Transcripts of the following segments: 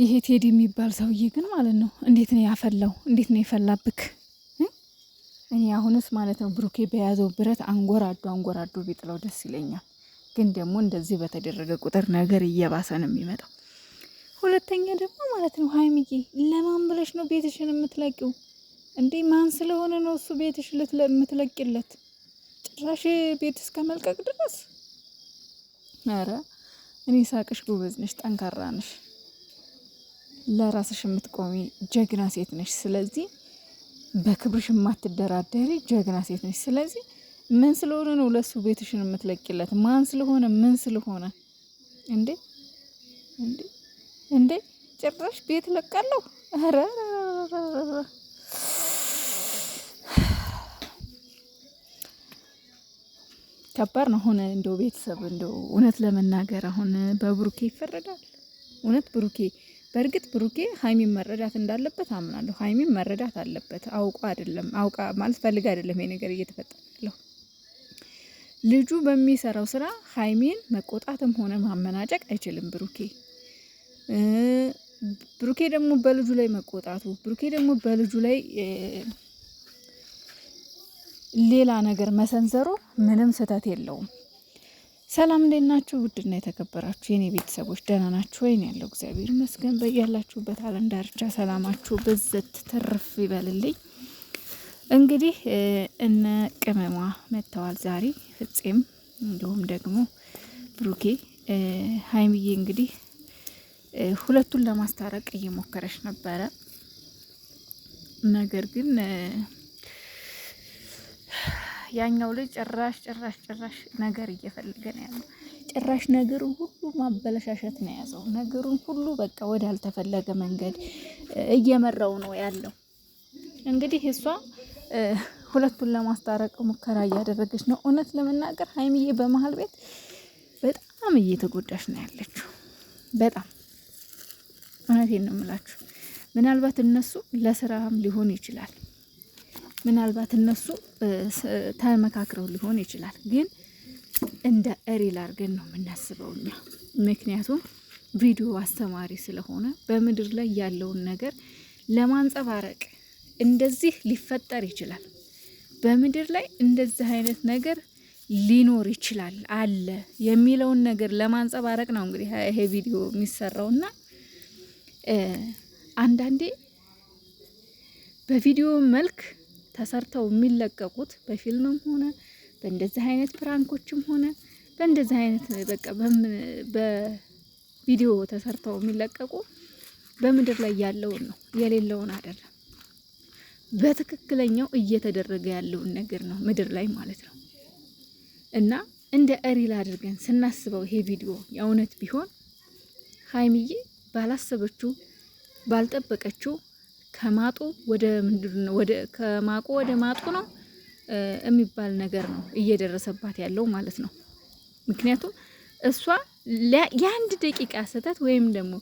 ይሄ ቴዲ የሚባል ሰውዬ ግን ማለት ነው እንዴት ነው ያፈላው? እንዴት ነው የፈላብክ? እኔ አሁንስ ማለት ነው ብሩኬ በያዘው ብረት አንጎራዶ አንጎራዶ ቢጥለው ደስ ይለኛል። ግን ደግሞ እንደዚህ በተደረገ ቁጥር ነገር እየባሰ ነው የሚመጣው። ሁለተኛ ደግሞ ማለት ነው ሀይሚዬ ለማን ብለሽ ነው ቤትሽን የምትለቂው? እንዴ ማን ስለሆነ ነው እሱ ቤትሽ የምትለቂለት? ጭራሽ ቤት እስከ መልቀቅ ድረስ። ኧረ እኔ ሳቅሽ ጎበዝ ነሽ፣ ጠንካራ ነሽ። ለራስሽ የምትቆሚ ጀግና ሴት ነሽ። ስለዚህ በክብርሽ የማትደራደሪ ጀግና ሴት ነሽ። ስለዚህ ምን ስለሆነ ነው ለሱ ቤትሽን የምትለቂለት? ማን ስለሆነ ምን ስለሆነ? እንዴ እንዴ እንዴ! ጭራሽ ቤት ለቃለሁ። ኧረ ከባድ ነው። አሁን እንደው ቤተሰብ እንደው እውነት ለመናገር አሁን በብሩኬ ይፈረዳል። እውነት ብሩኬ በእርግጥ ብሩኬ ሀይሚን መረዳት እንዳለበት አምናለሁ። ሀይሚን መረዳት አለበት። አውቃ አይደለም አውቃ ማለት ፈልግ አይደለም ይሄ ነገር እየተፈጠረ ያለው ልጁ በሚሰራው ስራ ሀይሚን መቆጣትም ሆነ ማመናጨቅ አይችልም ብሩኬ። ብሩኬ ደግሞ በልጁ ላይ መቆጣቱ ብሩኬ ደግሞ በልጁ ላይ ሌላ ነገር መሰንዘሩ ምንም ስህተት የለውም። ሰላም እንዴት ናችሁ? ውድና የተከበራችሁ የኔ ቤተሰቦች ደህና ናችሁ ወይ? ያለው እግዚአብሔር ይመስገን። በያላችሁበት ዓለም ዳርቻ ሰላማችሁ ብዝት ትርፍ ይበልልኝ። እንግዲህ እነ ቅመሟ መጥተዋል ዛሬ ፍጼም፣ እንዲሁም ደግሞ ብሩኬ ሀይምዬ እንግዲህ ሁለቱን ለማስታረቅ እየሞከረች ነበረ ነገር ግን ያኛው ልጅ ጭራሽ ጭራሽ ጭራሽ ነገር እየፈለገ ነው ያለው። ጭራሽ ነገሩን ሁሉ ማበለሻሸት ነው የያዘው። ነገሩን ሁሉ በቃ አልተፈለገ መንገድ እየመራው ነው ያለው። እንግዲህ እሷ ሁለቱን ለማስታረቅ ሙከራ እያደረገች ነው። እውነት ለመናገር ሀይሚዬ በመሀል ቤት በጣም እየተጎዳች ነው ያለችው። በጣም እውነቴን ነው የምላችሁ። ምናልባት እነሱ ለስራም ሊሆን ይችላል ምናልባት እነሱ ተመካክረው ሊሆን ይችላል፣ ግን እንደ እሪል አድርገን ነው የምናስበው እኛ። ምክንያቱም ቪዲዮ አስተማሪ ስለሆነ በምድር ላይ ያለውን ነገር ለማንጸባረቅ እንደዚህ ሊፈጠር ይችላል፣ በምድር ላይ እንደዚህ አይነት ነገር ሊኖር ይችላል አለ የሚለውን ነገር ለማንጸባረቅ ነው እንግዲህ ይሄ ቪዲዮ እና አንዳንዴ በቪዲዮ መልክ ተሰርተው የሚለቀቁት በፊልምም ሆነ በእንደዚህ አይነት ፕራንኮችም ሆነ በእንደዚህ አይነት በቃ በቪዲዮ ተሰርተው የሚለቀቁ በምድር ላይ ያለውን ነው የሌለውን አይደለም። በትክክለኛው እየተደረገ ያለውን ነገር ነው ምድር ላይ ማለት ነው። እና እንደ እሪል አድርገን ስናስበው ይሄ ቪዲዮ የእውነት ቢሆን ሀይሚዬ ባላሰበችው ባልጠበቀችው ከማጡ ወደ ምንድነው ወደ ከማቁ ወደ ማጡ ነው የሚባል ነገር ነው እየደረሰባት ያለው ማለት ነው። ምክንያቱም እሷ የአንድ ደቂቃ ስህተት ወይም ደግሞ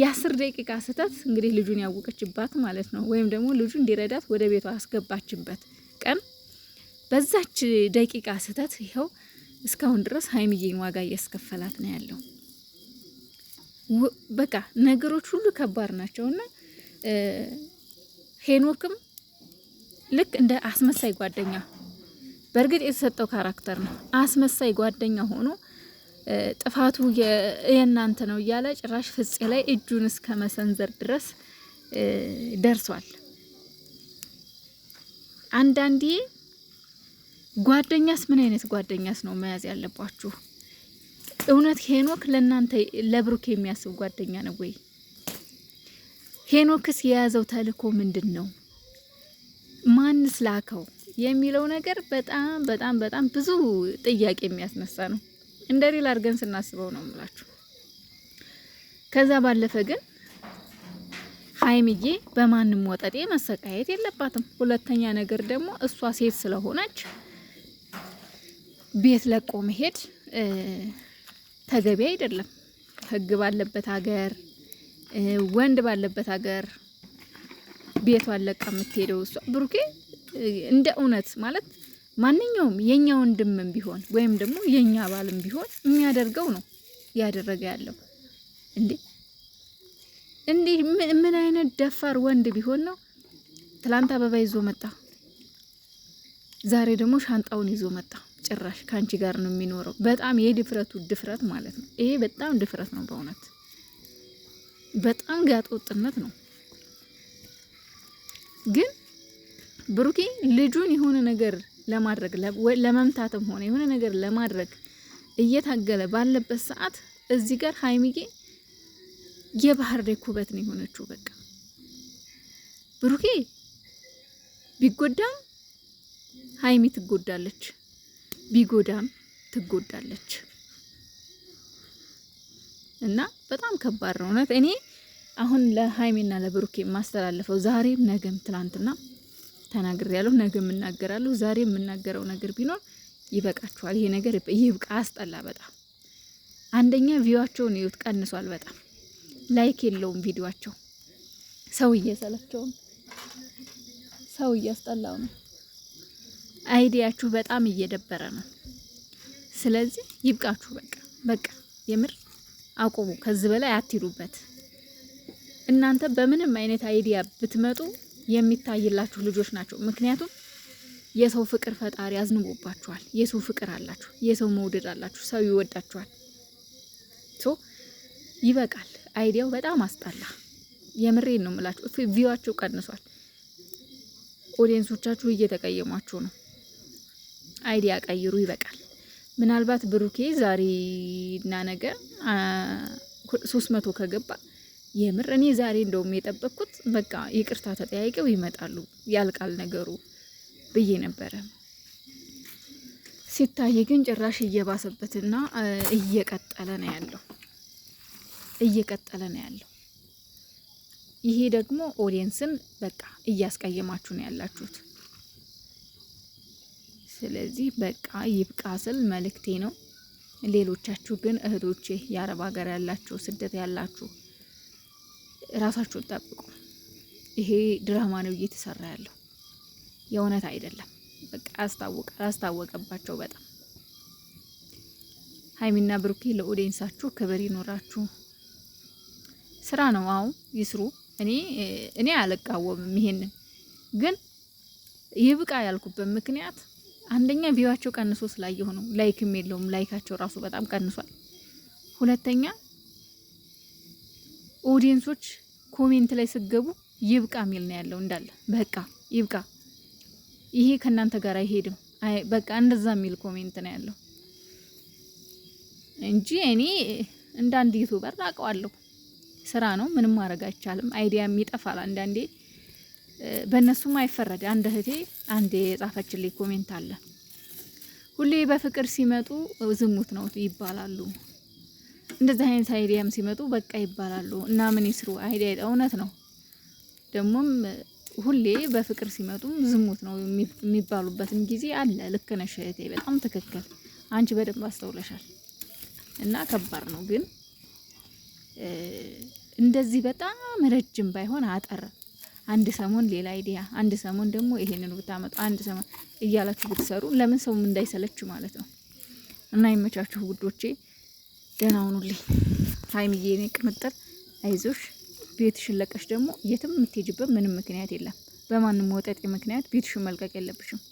የአስር ደቂቃ ስህተት እንግዲህ ልጁን ያወቀችባት ማለት ነው። ወይም ደግሞ ልጁ እንዲረዳት ወደ ቤቷ አስገባችበት ቀን በዛች ደቂቃ ስህተት ይኸው እስካሁን ድረስ ሀይሚዬን ዋጋ እያስከፈላት ነው ያለው። በቃ ነገሮች ሁሉ ከባድ ናቸውና ሄኖክም ልክ እንደ አስመሳይ ጓደኛ በእርግጥ የተሰጠው ካራክተር ነው። አስመሳይ ጓደኛ ሆኖ ጥፋቱ የእናንተ ነው እያለ ጭራሽ ፍፄ ላይ እጁን እስከ መሰንዘር ድረስ ደርሷል። አንዳንዴ ጓደኛስ ምን አይነት ጓደኛስ ነው መያዝ ያለባችሁ? እውነት ሄኖክ ለእናንተ ለብሩክ የሚያስብ ጓደኛ ነው ወይ? ሄኖክስ የያዘው ተልእኮ ምንድን ነው? ማንስ ላከው የሚለው ነገር በጣም በጣም በጣም ብዙ ጥያቄ የሚያስነሳ ነው። እንደ ሪል አድርገን ስናስበው ነው የምላችሁ። ከዛ ባለፈ ግን ሀይምዬ በማንም ወጠጤ መሰቃየት የለባትም። ሁለተኛ ነገር ደግሞ እሷ ሴት ስለሆነች ቤት ለቆ መሄድ ተገቢ አይደለም። ህግ ባለበት ሀገር ወንድ ባለበት ሀገር ቤቷን ለቃ የምትሄደው እሷ ብሩኬ እንደ እውነት ማለት ማንኛውም የኛ ወንድምም ቢሆን ወይም ደግሞ የኛ ባልም ቢሆን የሚያደርገው ነው እያደረገ ያለው። እንዴ እንዲህ ምን አይነት ደፋር ወንድ ቢሆን ነው? ትላንት አበባ ይዞ መጣ፣ ዛሬ ደግሞ ሻንጣውን ይዞ መጣ። ጭራሽ ከአንቺ ጋር ነው የሚኖረው። በጣም የድፍረቱ ድፍረት ማለት ነው። ይሄ በጣም ድፍረት ነው በእውነት። በጣም ጋጥ ወጥነት ነው። ግን ብሩኬ ልጁን የሆነ ነገር ለማድረግ ለመምታትም ሆነ የሆነ ነገር ለማድረግ እየታገለ ባለበት ሰዓት እዚህ ጋር ሀይሚጌ የባህር ላይ ኩበት ነው የሆነችው። በቃ ብሩኬ ቢጎዳም ሀይሚ ትጎዳለች፣ ቢጎዳም ትጎዳለች። እና በጣም ከባድ ነው እውነት እኔ አሁን ለሀይሜና ለብሩኬ የማስተላለፈው ዛሬም ነገም ትናንትና ተናግር ያለው ነገም እናገራለሁ። ዛሬ የምናገረው ነገር ቢኖር ይበቃችኋል፣ ይሄ ነገር ይብቃ። አስጠላ በጣም አንደኛ ቪዋቸውን ይዩት ቀንሷል በጣም ላይክ የለውም ቪዲዮቸው። ሰው እየሰለቸው ነው፣ ሰው እያስጠላው ነው። አይዲያችሁ በጣም እየደበረ ነው። ስለዚህ ይብቃችሁ፣ በቃ በቃ፣ የምር አቁሙ። ከዚህ በላይ አትሂዱበት። እናንተ በምንም አይነት አይዲያ ብትመጡ የሚታይላችሁ ልጆች ናቸው። ምክንያቱም የሰው ፍቅር ፈጣሪ አዝንቦባችኋል። የሰው ፍቅር አላችሁ፣ የሰው መውደድ አላችሁ፣ ሰው ይወዳችኋል። ሶ ይበቃል። አይዲያው በጣም አስጠላ። የምሬን ነው ምላችሁ። ቪዋችሁ ቀንሷል። ኦዲየንሶቻችሁ እየተቀየሟችሁ ነው። አይዲያ ቀይሩ፣ ይበቃል። ምናልባት ብሩኬ ዛሬና ነገ ሶስት መቶ ከገባ የምር እኔ ዛሬ እንደውም የጠበቅኩት በቃ ይቅርታ ተጠያይቀው ይመጣሉ ያልቃል ነገሩ ብዬ ነበረ። ሲታይ ግን ጭራሽ እየባሰበትና እየቀጠለ ነው ያለው እየቀጠለ ነው ያለው። ይሄ ደግሞ ኦዲየንስን በቃ እያስቀየማችሁ ነው ያላችሁት። ስለዚህ በቃ ይብቃ ስል መልእክቴ ነው። ሌሎቻችሁ ግን እህቶቼ የአረብ ሀገር ያላችሁ ስደት ያላችሁ ራሳችሁን ጠብቁ። ይሄ ድራማ ነው እየተሰራ ያለው የእውነት አይደለም። በቃ አስታወቀ አስታወቀባቸው በጣም ሀይሚና ብሩኬ ለኦዲየንሳችሁ ክብር ይኖራችሁ። ስራ ነው አሁ ይስሩ። እኔ እኔ አልቃወምም። ይሄንን ግን ይብቃ ያልኩበት ምክንያት አንደኛ ቪዋቸው ቀንሶ ስላየሁ ነው። ላይክም የለውም። ላይካቸው ራሱ በጣም ቀንሷል። ሁለተኛ ኦዲየንሶች ኮሜንት ላይ ስገቡ ይብቃ ሚል ነው ያለው። እንዳለ በቃ ይብቃ፣ ይሄ ከእናንተ ጋር አይሄድም፣ አይ በቃ እንደዛ የሚል ኮሜንት ነው ያለው እንጂ እኔ እንደ አንድ ዩቱበር አውቀዋለሁ። ስራ ነው፣ ምንም ማድረግ አይቻልም። አይዲያም ይጠፋል አንዳንዴ፣ በእነሱም አይፈረድ። አንድ እህቴ አንድ የጻፈችልኝ ኮሜንት አለ ሁሌ በፍቅር ሲመጡ ዝሙት ነው ይባላሉ እንደዚህ አይነት አይዲያም ሲመጡ በቃ ይባላሉ እና ምን ይስሩ። አይዲያ እውነት ነው። ደግሞም ሁሌ በፍቅር ሲመጡ ዝሙት ነው የሚባሉበትም ጊዜ አለ። ልክ ነሽ እህቴ፣ በጣም ትክክል። አንቺ በደንብ አስተውለሻል። እና ከባድ ነው ግን እንደዚህ በጣም ረጅም ባይሆን አጠር፣ አንድ ሰሞን ሌላ አይዲያ፣ አንድ ሰሞን ደግሞ ይሄንን ብታመጡ፣ አንድ ሰሞን እያላችሁ ብትሰሩ ለምን ሰውም እንዳይሰለችው ማለት ነው። እና ይመቻችሁ ውዶቼ። ደህና ሁኑልኝ። ሀይሚዬ የኔ ቅምጥል አይዞሽ። ቤትሽን ለቀሽ ደግሞ የትም የምትሄጅበት ምንም ምክንያት የለም። በማንም ወጠጤ ምክንያት ቤትሽን መልቀቅ የለብሽም።